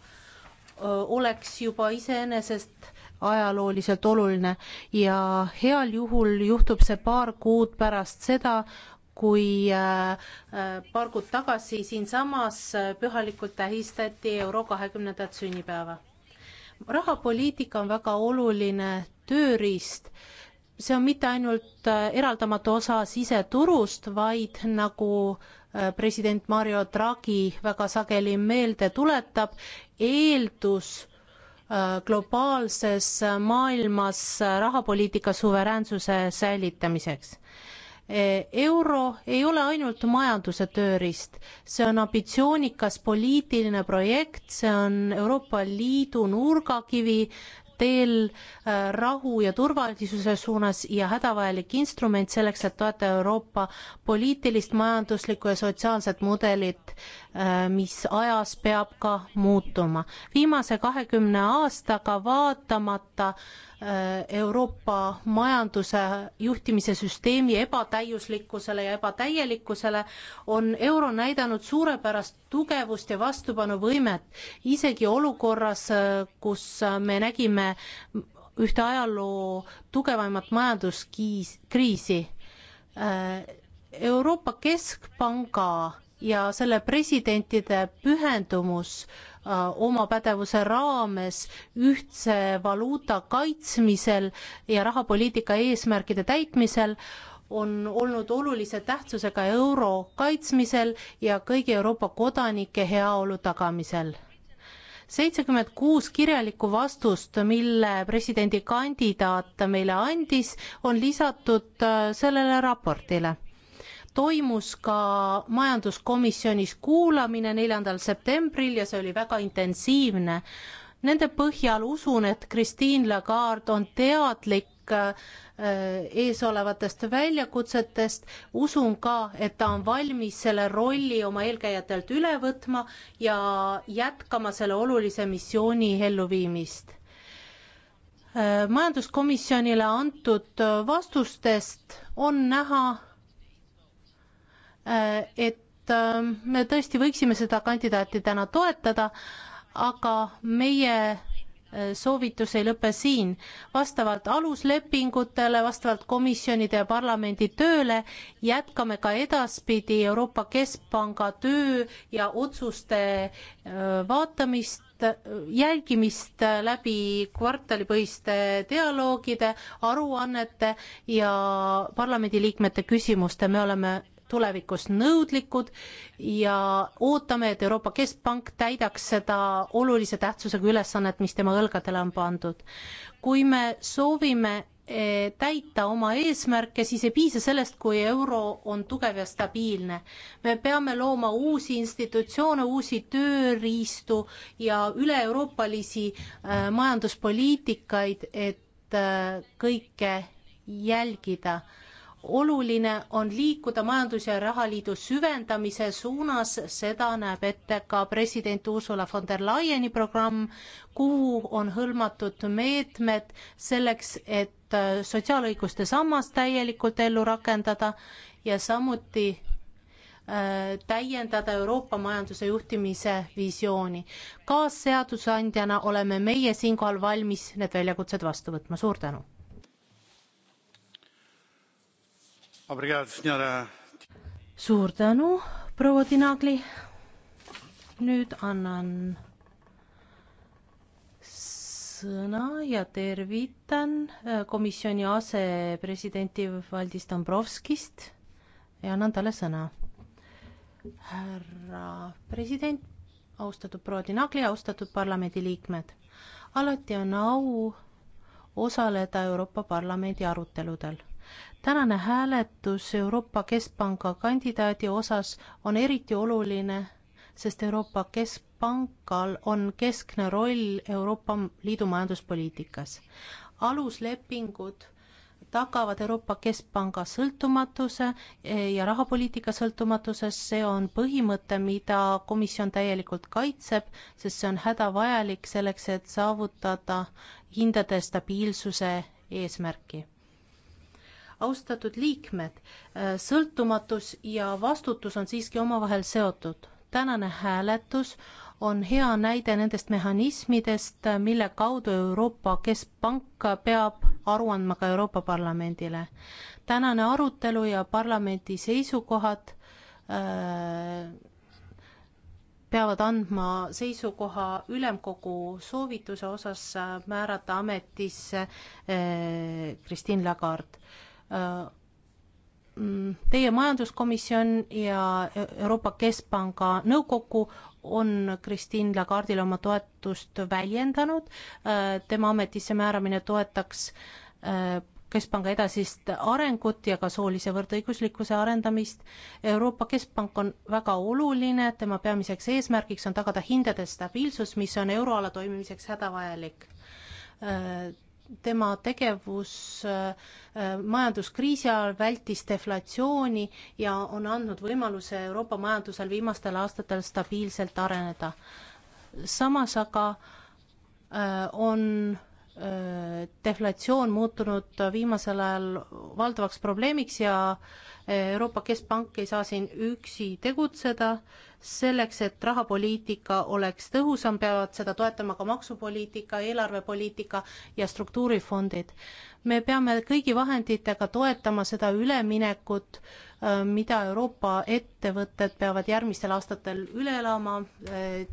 oleks juba iseenesest ajalooliselt oluline ja heal juhul juhtub see paar kuud pärast seda, kui äh, äh, paar kuud tagasi siinsamas äh, pühalikult tähistati Euro kahekümnendat sünnipäeva. rahapoliitika on väga oluline tööriist see on mitte ainult eraldamatu osa siseturust, vaid nagu president Mario Draghi väga sageli meelde tuletab, eeldus globaalses maailmas rahapoliitika suveräänsuse säilitamiseks. Euro ei ole ainult majanduse tööriist, see on ambitsioonikas poliitiline projekt, see on Euroopa Liidu nurgakivi teel äh, rahu ja turvalisuse suunas ja hädavajalik instrument selleks, et toetada Euroopa poliitilist, majanduslikku ja sotsiaalset mudelit Äh, mis ajas peab ka muutuma. viimase kahekümne aastaga vaatamata äh, Euroopa majanduse juhtimise süsteemi ebatäiuslikkusele ja ebatäielikkusele on euro näidanud suurepärast tugevust ja vastupanuvõimet, isegi olukorras, äh, kus me nägime ühte ajaloo tugevaimat majanduskriisi. Euroopa Keskpanga ja selle presidentide pühendumus äh, oma pädevuse raames ühtse valuuta kaitsmisel ja rahapoliitika eesmärkide täitmisel on olnud olulise tähtsusega euro kaitsmisel ja kõigi Euroopa kodanike heaolu tagamisel. seitsekümmend kuus kirjalikku vastust, mille presidendikandidaat meile andis, on lisatud äh, sellele raportile toimus ka majanduskomisjonis kuulamine neljandal septembril ja see oli väga intensiivne. Nende põhjal usun, et Christine Lagarde on teadlik äh, eesolevatest väljakutsetest, usun ka, et ta on valmis selle rolli oma eelkäijatelt üle võtma ja jätkama selle olulise missiooni elluviimist. Äh, majanduskomisjonile antud vastustest on näha, Äh, et ähm, me tõesti võiksime seda kandidaati täna toetada, aga meie äh, soovitus ei lõpe siin. vastavalt aluslepingutele, vastavalt komisjonide ja parlamendi tööle jätkame ka edaspidi Euroopa Keskpanga töö ja otsuste äh, vaatamist, jälgimist läbi kvartalipõhiste dialoogide, aruannete ja parlamendiliikmete küsimuste. me oleme tulevikus nõudlikud ja ootame, et Euroopa Keskpank täidaks seda olulise tähtsusega ülesannet, mis tema õlgadele on pandud. kui me soovime eh, täita oma eesmärke, siis ei piisa sellest, kui euro on tugev ja stabiilne. me peame looma uusi institutsioone, uusi tööriistu ja üle-euroopalisi äh, majanduspoliitikaid, et äh, kõike jälgida äh, oluline on liikuda majandus- ja rahaliidu süvendamise suunas, seda näeb ette ka president Ursula von der Leyeni programm, kuhu on hõlmatud meetmed selleks, et äh, sotsiaalõiguste sammas täielikult ellu rakendada ja samuti äh, täiendada Euroopa majanduse juhtimise visiooni. kaasseadusandjana oleme meie siinkohal valmis need väljakutsed vastu võtma, suur tänu! suur tänu, proua Dinagli. nüüd annan sõna ja tervitan äh, komisjoni asepresidenti Valdis Dombrovskist ja annan talle sõna. härra president, austatud proua Dinagli, austatud parlamendiliikmed, alati on au osaleda Euroopa Parlamendi aruteludel tänane hääletus Euroopa Keskpanga kandidaadi osas on eriti oluline, sest Euroopa Keskpangal on keskne roll Euroopa Liidu majanduspoliitikas. aluslepingud tagavad Euroopa Keskpanga sõltumatuse eh, ja rahapoliitika sõltumatuse, see on põhimõte, mida komisjon täielikult kaitseb, sest see on hädavajalik selleks, et saavutada hindade stabiilsuse eesmärki austatud liikmed, äh, sõltumatus ja vastutus on siiski omavahel seotud. tänane hääletus on hea näide nendest mehhanismidest, äh, mille kaudu Euroopa Keskpank peab aru andma ka Euroopa Parlamendile. tänane arutelu ja parlamendi seisukohad äh, peavad andma seisukoha ülemkogu soovituse osas äh, määrata ametisse Christine Lagarde Äh, mm, teie majanduskomisjon ja Euroopa Keskpanga nõukogu on Christine Lagardile oma toetust väljendanud, äh, tema ametisse määramine toetaks äh, keskpanga edasist arengut ja ka soolise võrdõiguslikkuse arendamist. Euroopa Keskpank on väga oluline, tema peamiseks eesmärgiks on tagada hindade stabiilsus, mis on euroala toimimiseks hädavajalik tema tegevus äh, äh, majanduskriisi ajal vältis deflatsiooni ja on andnud võimaluse Euroopa majandusel viimastel aastatel stabiilselt areneda. samas aga äh, on deflatsioon muutunud viimasel ajal valdavaks probleemiks ja Euroopa Keskpank ei saa siin üksi tegutseda. selleks, et rahapoliitika oleks tõhusam, peavad seda toetama ka maksupoliitika, eelarvepoliitika ja struktuurifondid. me peame kõigi vahenditega toetama seda üleminekut, äh, mida Euroopa ettevõtted peavad järgmistel aastatel üle elama äh,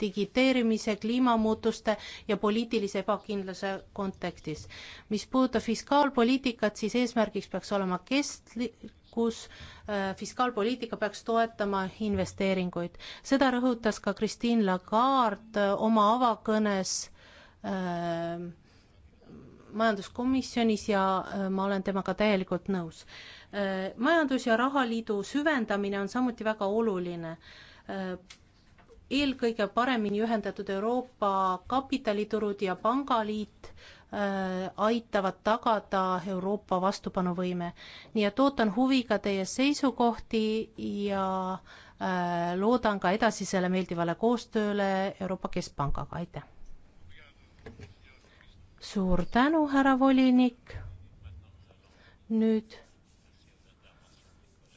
digiteerimise, kliimamuutuste ja poliitilise ebakindluse kontekstis. mis puudutab fiskaalpoliitikat, siis eesmärgiks peaks olema kestlikkus, äh, fiskaalpoliitika peaks toetama investeeringuid. seda rõhutas ka Christine Lagarde äh, oma avakõnes äh, majanduskomisjonis ja äh, ma olen temaga täielikult nõus äh,. majandus- ja rahaliidu süvendamine on samuti väga oluline äh, eelkõige paremini ühendatud Euroopa kapitaliturud ja pangaliit äh, aitavad tagada Euroopa vastupanuvõime. nii et ootan huviga teie seisukohti ja äh, loodan ka edasisele meeldivale koostööle Euroopa Keskpangaga, aitäh! suur tänu, härra volinik, nüüd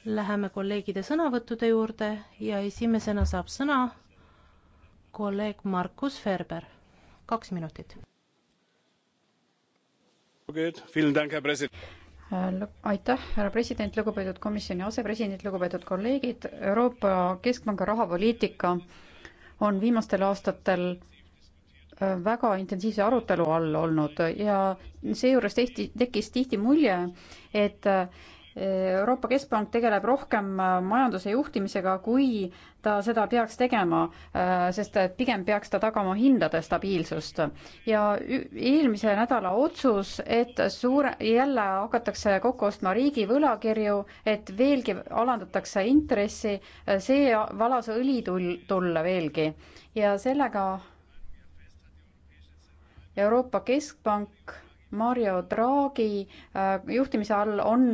Läheme kolleegide sõnavõttude juurde ja esimesena saab sõna kolleeg Markus Ferber, kaks minutit. Äh, aitäh, härra president, lugupeetud komisjoni asepresident, lugupeetud kolleegid, Euroopa Keskpanga rahapoliitika on viimastel aastatel äh, väga intensiivse arutelu all olnud ja seejuures tehti, tekkis tihti mulje, et äh, Euroopa Keskpank tegeleb rohkem äh, majanduse juhtimisega, kui ta seda peaks tegema, äh, sest pigem peaks ta tagama hindade stabiilsust. ja eelmise nädala otsus, et suure, jälle hakatakse kokku ostma riigi võlakirju, et veelgi alandatakse intressi, äh, see valas õli tul-, tulla veelgi ja sellega Euroopa Keskpank Mario Draghi äh, juhtimise all on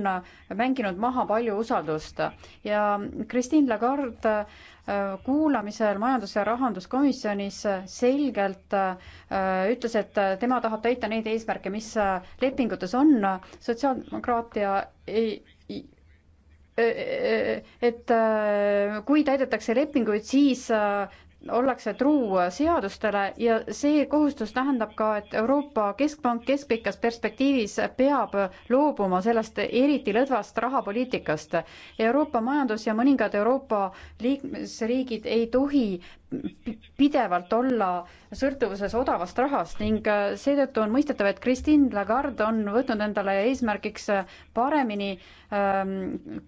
mänginud maha palju usaldust ja Christine Lagarde äh, kuulamisel majandus- ja rahanduskomisjonis äh, selgelt ütles, et tema tahab täita neid eesmärke, mis lepingutes on, sotsiaaldemokraatia ei et kui täidetakse lepinguid, siis ollakse truu seadustele ja see kohustus tähendab ka, et Euroopa Keskpank keskpikas perspektiivis peab loobuma sellest eriti lõdvast rahapoliitikast. Euroopa majandus ja mõningad Euroopa liikmesriigid ei tohi pidevalt olla sõltuvuses odavast rahast ning äh, seetõttu on mõistetav, et Christine Lagarde on võtnud endale eesmärgiks äh, paremini ähm,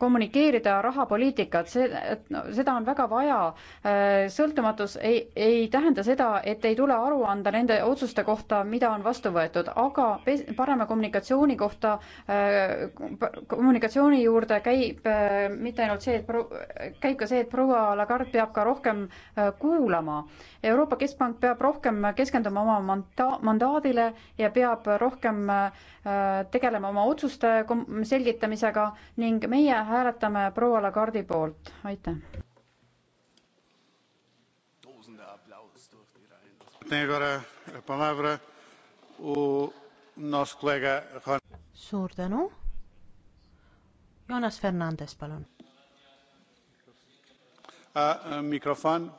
kommunikeerida rahapoliitikat, see, et no, seda on väga vaja. Äh, sõltumatus ei, ei tähenda seda, et ei tule aru anda nende otsuste kohta, mida on vastu võetud, aga parema kommunikatsiooni kohta äh,, kommunikatsiooni juurde käib äh, mitte ainult see, et pro-, käib ka see, et proua Lagarde peab ka rohkem äh, kuulama, kuulama. Euroopa Keskpank peab rohkem keskenduma oma manda-, mandaadile ja peab rohkem äh, tegelema oma otsuste selgitamisega ning meie hääletame proua Lagardi poolt, aitäh. suur tänu. Jonas Fernandes, palun ah, mikrofon.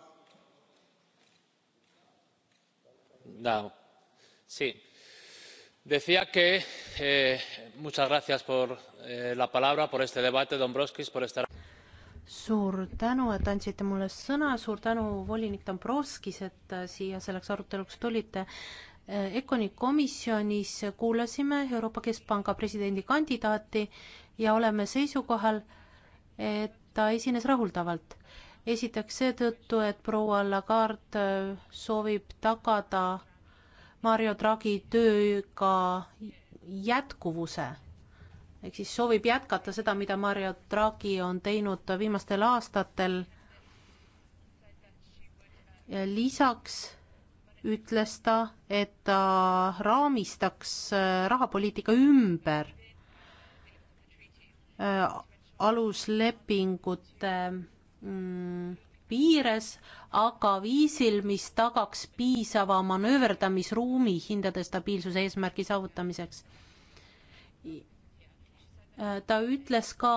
decía que eh, muchas gracias por eh, la palabra por este debate dombrovskis por esta. suur tänu et andsite mulle sõna suur tänu volinik dombrovskis et äh, siia selleks aruteluks tulite. Äh, ECONi komisjonis kuulasime Euroopa Keskpanga presidendikandidaati ja oleme seisukohal, et ta esines rahuldavalt esiteks seetõttu, et proua Lagarde äh, soovib tagada Mario Draghi tööga jätkuvuse ehk siis soovib jätkata seda, mida Mario Draghi on teinud viimastel aastatel. lisaks ütles ta, et ta raamistaks äh, rahapoliitika ümber äh, aluslepingute äh, mm, piires, aga viisil, mis tagaks piisava manööverdamisruumi hindade stabiilsuse eesmärgi saavutamiseks. Äh, ta ütles ka,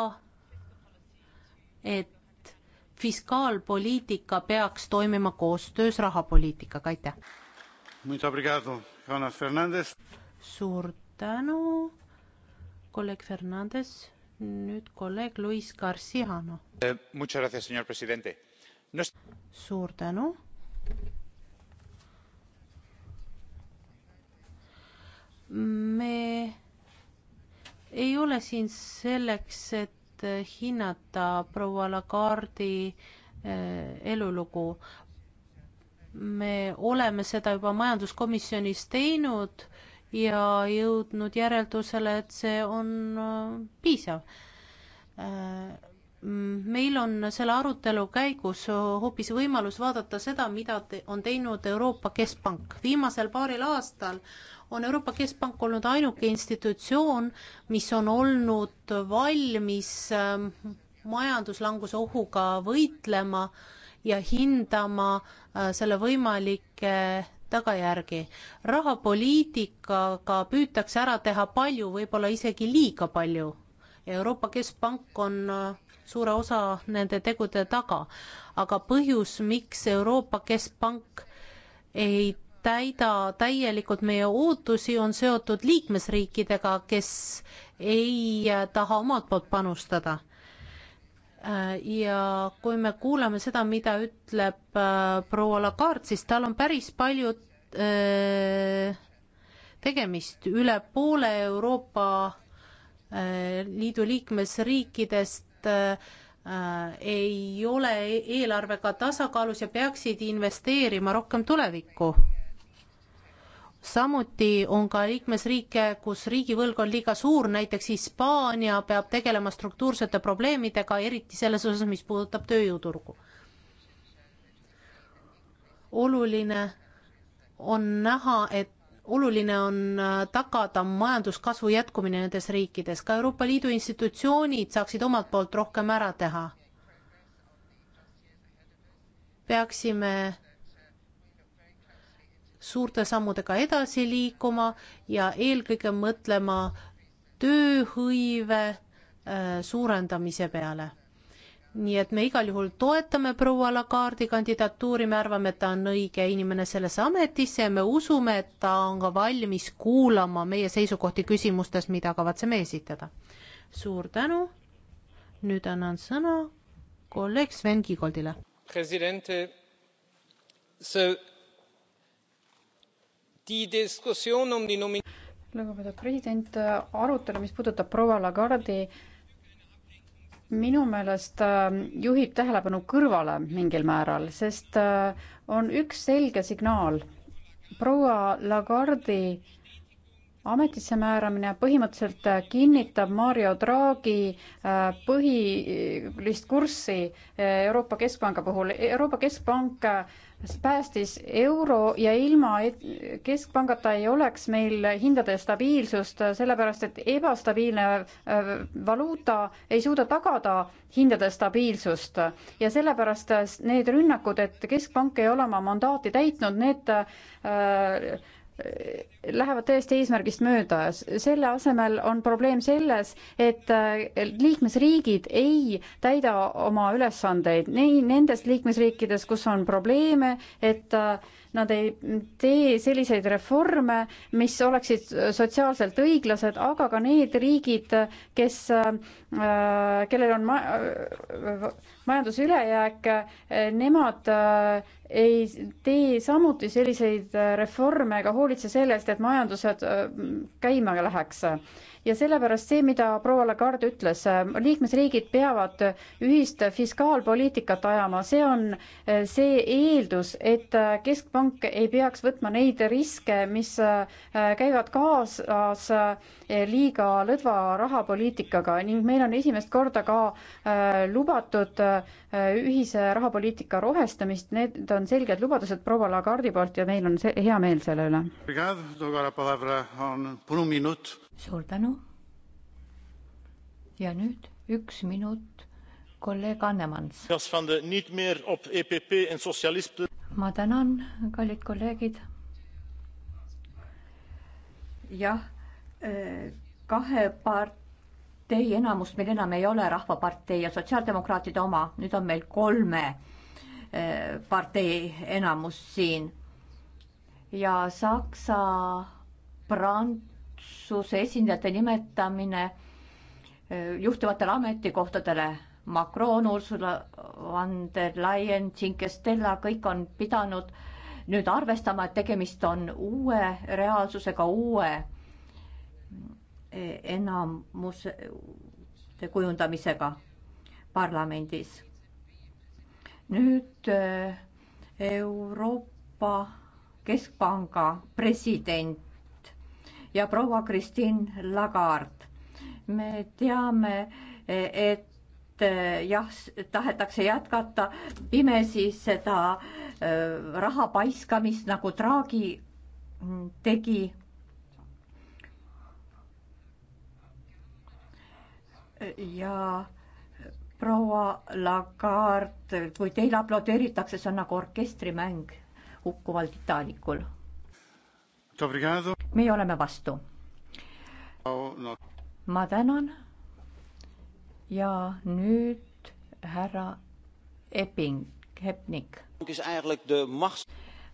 et fiskaalpoliitika peaks toimima koostöös rahapoliitikaga, aitäh. suur tänu, kolleeg Fernandes nüüd kolleeg Luis Garciano eh,. No... suur tänu. me ei ole siin selleks, et hinnata proua Lagardi eh, elulugu. me oleme seda juba majanduskomisjonis teinud ja jõudnud järeldusele, et see on äh, piisav. Äh, meil on selle arutelu käigus hoopis võimalus vaadata seda, mida te on teinud Euroopa Keskpank. viimasel paaril aastal on Euroopa Keskpank olnud ainuke institutsioon, mis on olnud valmis ähm, majanduslanguse ohuga võitlema ja hindama äh, selle võimalikke tagajärgi. rahapoliitikaga püütakse ära teha palju, võib-olla isegi liiga palju. Euroopa Keskpank on äh, suure osa nende tegude taga, aga põhjus, miks Euroopa Keskpank ei täida täielikult meie ootusi, on seotud liikmesriikidega, kes ei äh, taha omalt poolt panustada Äh, ja kui me kuulame seda, mida ütleb äh, proua Lagarde, siis tal on päris palju äh, tegemist, üle poole Euroopa äh, Liidu liikmesriikidest äh, äh, ei ole eelarvega tasakaalus ja peaksid investeerima rohkem tulevikku samuti on ka liikmesriike, kus riigivõlg on liiga suur, näiteks Hispaania peab tegelema struktuursete probleemidega, eriti selles osas, mis puudutab tööjõuturgu. oluline on näha, et oluline on äh, tagada majanduskasvu jätkumine nendes riikides, ka Euroopa Liidu institutsioonid saaksid omalt poolt rohkem ära teha. peaksime suurte sammudega edasi liikuma ja eelkõige mõtlema tööhõive äh, suurendamise peale. nii et me igal juhul toetame proua Lagardi kandidatuuri, me arvame, et ta on õige inimene sellesse ametisse ja me usume, et ta on ka valmis kuulama meie seisukohti küsimustes, mida kavatseme esitada. suur tänu, nüüd annan sõna kolleeg Sven Kiigoldile. president, so Um lugupeetud president, arutelu, mis puudutab proua Lagarde'i minu meelest ähm, juhib tähelepanu kõrvale mingil määral, sest äh, on üks selge signaal. proua Lagarde'i ametisse määramine põhimõtteliselt kinnitab Mario Draghi äh, põhilist kurssi äh, Euroopa Keskpanga puhul. Euroopa Keskpank äh, päästis euro ja ilma keskpangata ei oleks meil hindade stabiilsust, sellepärast et ebastabiilne valuuta ei suuda tagada hindade stabiilsust ja sellepärast need rünnakud, et keskpank ei ole oma mandaati täitnud, need lähevad tõesti eesmärgist mööda. selle asemel on probleem selles, et äh, liikmesriigid ei täida oma ülesandeid. Nei-, nendes liikmesriikides, kus on probleeme, et äh, nad ei tee selliseid reforme, mis oleksid sotsiaalselt õiglased, aga ka need riigid, kes, äh, kellel on ma-, äh, majandusülejääk, äh, nemad ei tee samuti selliseid reforme ega hoolitse selle eest, et majandused käima läheks ja sellepärast see, mida proua Lagarde ütles, äh, liikmesriigid peavad ühist fiskaalpoliitikat ajama, see on äh, see eeldus, et äh, keskpank ei peaks võtma neid riske, mis käivad kaasas liiga lõdva rahapoliitikaga ning meil on esimest korda ka lubatud ühise rahapoliitika rohestamist, need on selged lubadused proua Lagardi poolt ja meil on see hea meel selle üle suur tänu. ja nüüd üks minut, kolleeg Annemans. E ma tänan, kallid kolleegid. jah, eh, kahe partei enamust meil enam ei ole, Rahvapartei ja Sotsiaaldemokraatide oma, nüüd on meil kolme eh, partei enamus siin ja Saksa, Prant-, valitsuse esindajate nimetamine eh, juhtivatele ametikohtadele. Macron, Ursula von der Leyen, Cinque Stella, kõik on pidanud nüüd arvestama, et tegemist on uue reaalsusega, uue eh, enamuse kujundamisega parlamendis. nüüd eh, Euroopa Keskpanga president ja proua Christine Lagarde. me teame, et eh, jah, tahetakse jätkata pimesi seda eh, raha paiskamist, nagu Draghi mm, tegi ja proua Lagarde, kui teile aplodeeritakse, see on nagu orkestrimäng hukkuval Titanicul meie oleme vastu. ma tänan. ja nüüd härra Epping, Hepnik.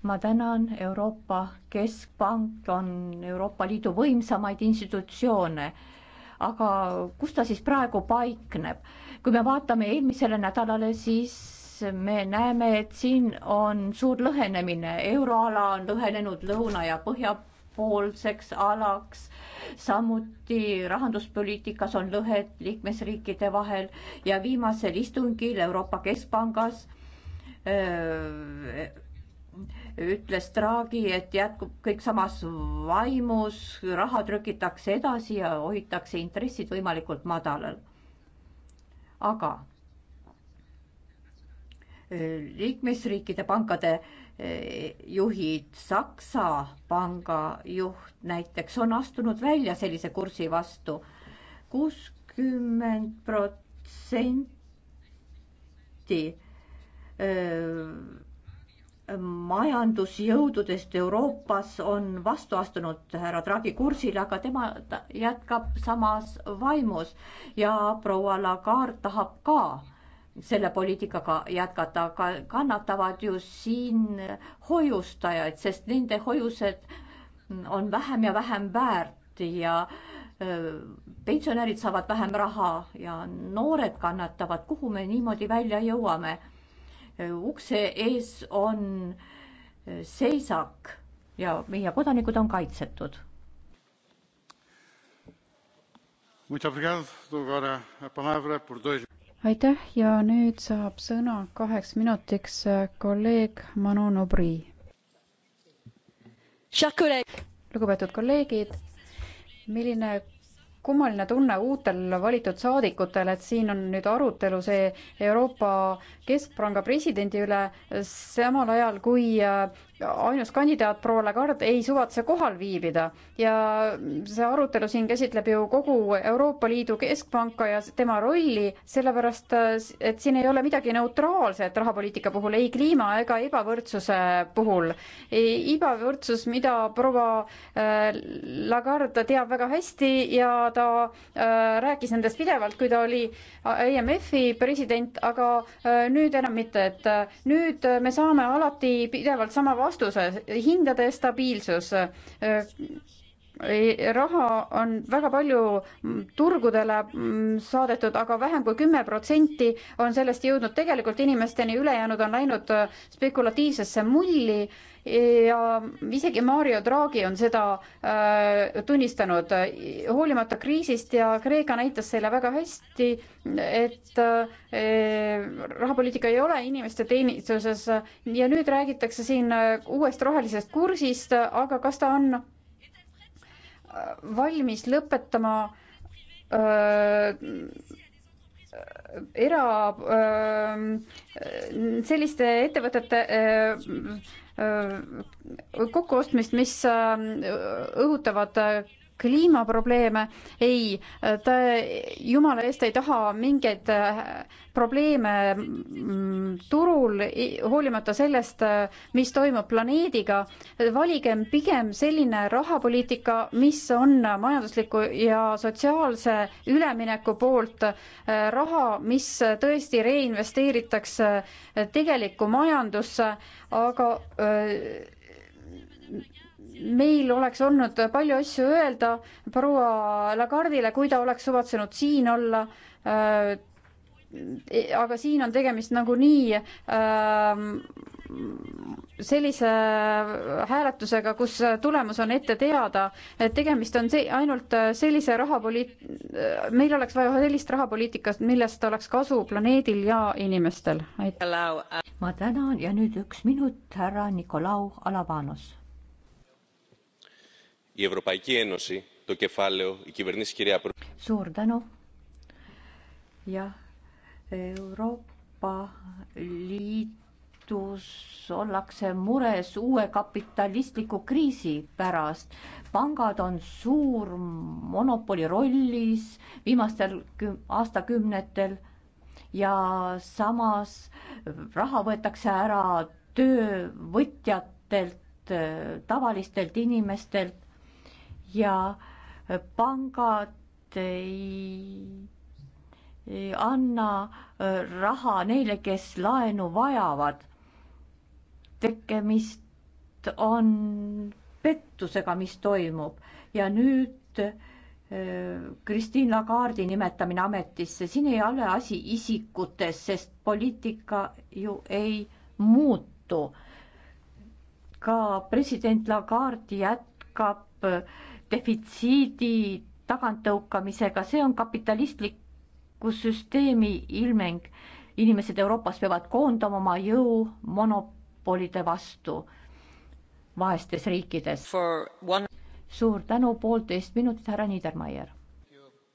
ma tänan, Euroopa Keskpank on Euroopa Liidu võimsamaid institutsioone aga kus ta siis praegu paikneb? kui me vaatame eelmisele nädalale, siis me näeme, et siin on suur lõhenemine, euroala on lõhenenud lõuna ja põhja kahepoolseks alaks. samuti rahanduspoliitikas on lõhed liikmesriikide vahel ja viimasel istungil Euroopa Keskpangas öö, ütles Draghi, et jätkub kõik samas vaimus, raha trükitakse edasi ja hoitakse intressid võimalikult madalal. aga liikmesriikide pankade äh, juhid, Saksa pangajuht näiteks on astunud välja sellise kursi vastu. kuuskümmend protsenti majandusjõududest Euroopas on vastu astunud härra Draghi kursile, aga tema jätkab samas vaimus ja proua Lagarde tahab ka selle poliitikaga jätkata, aga kannatavad ju siin hoiustajad, sest nende hoiused on vähem ja vähem väärt ja pensionärid saavad vähem raha ja noored kannatavad, kuhu me niimoodi välja jõuame. ukse ees on seisak ja meie kodanikud on kaitsetud aitäh ja nüüd saab sõna kaheks minutiks äh, kolleeg Manu Nobri. lugupeetud kolleegid, milline kummaline tunne uutel valitud saadikutel, et siin on nüüd arutelu see Euroopa Keskpanga presidendi üle, samal ajal kui äh, ainus kandidaat proua Lagarde ei suvatse kohal viibida ja see arutelu siin käsitleb ju kogu Euroopa Liidu Keskpanka ja tema rolli, sellepärast et siin ei ole midagi neutraalset rahapoliitika puhul, ei kliima ega ebavõrdsuse puhul. ebavõrdsus, mida proua äh, Lagarde teab väga hästi ja ta äh, rääkis nendest pidevalt, kui ta oli äh, IMF-i president, aga nüüd enam mitte, et nüüd me saame alati pidevalt sama vastuse, hindade stabiilsus, raha on väga palju turgudele mm, saadetud, aga vähem kui kümme protsenti on sellest jõudnud tegelikult inimesteni, ülejäänud on läinud äh, spekulatiivsesse mulli ja isegi Mario Draghi on seda äh, tunnistanud. hoolimata kriisist ja Kreeka näitas selle väga hästi, et äh, rahapoliitika ei ole inimeste teenistuses ja nüüd räägitakse siin uuest rohelisest kursist, aga kas ta on valmis lõpetama öö, äh, era öö, äh, selliste ettevõtete öö, äh, kokkuostmist, mis õhutavad kliimaprobleeme. ei, ta jumala eest ei taha mingeid äh, probleeme mm, turul, hoolimata sellest, äh, mis toimub planeediga. valigem pigem selline rahapoliitika, mis on majandusliku ja sotsiaalse ülemineku poolt äh, raha, mis tõesti reinvesteeritakse tegelikku majandusse, aga meil oleks olnud palju asju öelda proua Lagardile, kui ta oleks suvatsenud siin olla äh,. aga siin on tegemist nagunii äh, sellise hääletusega, kus tulemus on ette teada, et tegemist on see ainult sellise rahapoliit-, meil oleks vaja sellist rahapoliitikat, millest oleks kasu planeedil ja inimestel. Äh ma tänan ja nüüd üks minut härra Nikolau Alabanos η Ευρωπαϊκή Ένωση το κεφάλαιο, η κυβερνήση κυρία Suur tänu. jah, Euroopa Liidus ollakse mures uue kapitalistliku kriisi pärast. pangad on suur monopoli rollis viimastel aastakümnetel ja samas raha võetakse ära töövõtjatelt, tavalistelt inimestelt ja pangad ei, ei anna äh, raha neile, kes laenu vajavad. tegemist on pettusega, mis toimub ja nüüd Kristiin äh, Lagardi nimetamine ametisse, siin ei ole asi isikutes, sest poliitika ju ei muutu. ka president Lagarde jätkab äh, defitsiidi taganttõukamisega, see on kapitalistliku süsteemi ilmeng. inimesed Euroopas peavad koondama oma jõu monopolide vastu vaestes riikides. One... suur tänu, poolteist minutit, härra Niedermayer.